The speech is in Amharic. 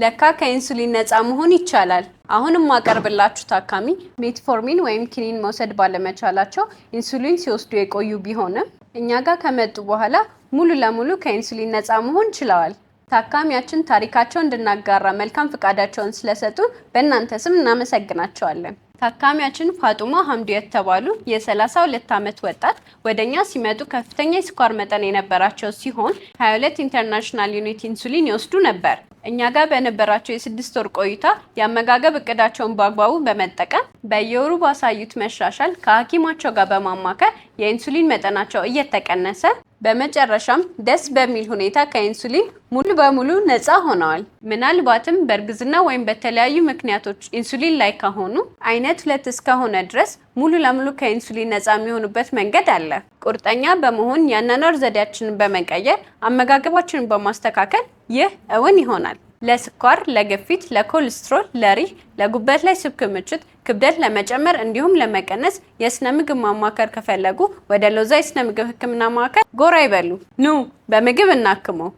ለካ ከኢንሱሊን ነፃ መሆን ይቻላል። አሁንም ማቀርብላችሁ ታካሚ ሜትፎርሚን ወይም ኪኒን መውሰድ ባለመቻላቸው ኢንሱሊን ሲወስዱ የቆዩ ቢሆንም እኛ ጋር ከመጡ በኋላ ሙሉ ለሙሉ ከኢንሱሊን ነፃ መሆን ችለዋል። ታካሚያችን ታሪካቸው እንድናጋራ መልካም ፈቃዳቸውን ስለሰጡ በእናንተ ስም እናመሰግናቸዋለን። ታካሚያችን ፋጡማ ሀምዱ የተባሉ የ32 ዓመት ወጣት ወደኛ ሲመጡ ከፍተኛ የስኳር መጠን የነበራቸው ሲሆን 22 ኢንተርናሽናል ዩኒት ኢንሱሊን ይወስዱ ነበር። እኛ ጋር በነበራቸው የስድስት ወር ቆይታ የአመጋገብ እቅዳቸውን በአግባቡ በመጠቀም በየወሩ ባሳዩት መሻሻል ከሐኪማቸው ጋር በማማከር የኢንሱሊን መጠናቸው እየተቀነሰ በመጨረሻም ደስ በሚል ሁኔታ ከኢንሱሊን ሙሉ በሙሉ ነፃ ሆነዋል። ምናልባትም በእርግዝና ወይም በተለያዩ ምክንያቶች ኢንሱሊን ላይ ከሆኑ አይነት ሁለት እስከሆነ ድረስ ሙሉ ለሙሉ ከኢንሱሊን ነፃ የሚሆኑበት መንገድ አለ። ቁርጠኛ በመሆን የአኗኗር ዘዴያችንን በመቀየር አመጋገባችንን በማስተካከል ይህ እውን ይሆናል። ለስኳር፣ ለግፊት፣ ለኮሌስትሮል፣ ለሪህ፣ ለጉበት ላይ ስብ ክምችት፣ ክብደት ለመጨመር እንዲሁም ለመቀነስ የስነ ምግብ ማማከር ከፈለጉ ወደ ሎዛ የስነ ምግብ ሕክምና ማዕከል ጎራ ይበሉ። ኑ በምግብ እናክመው።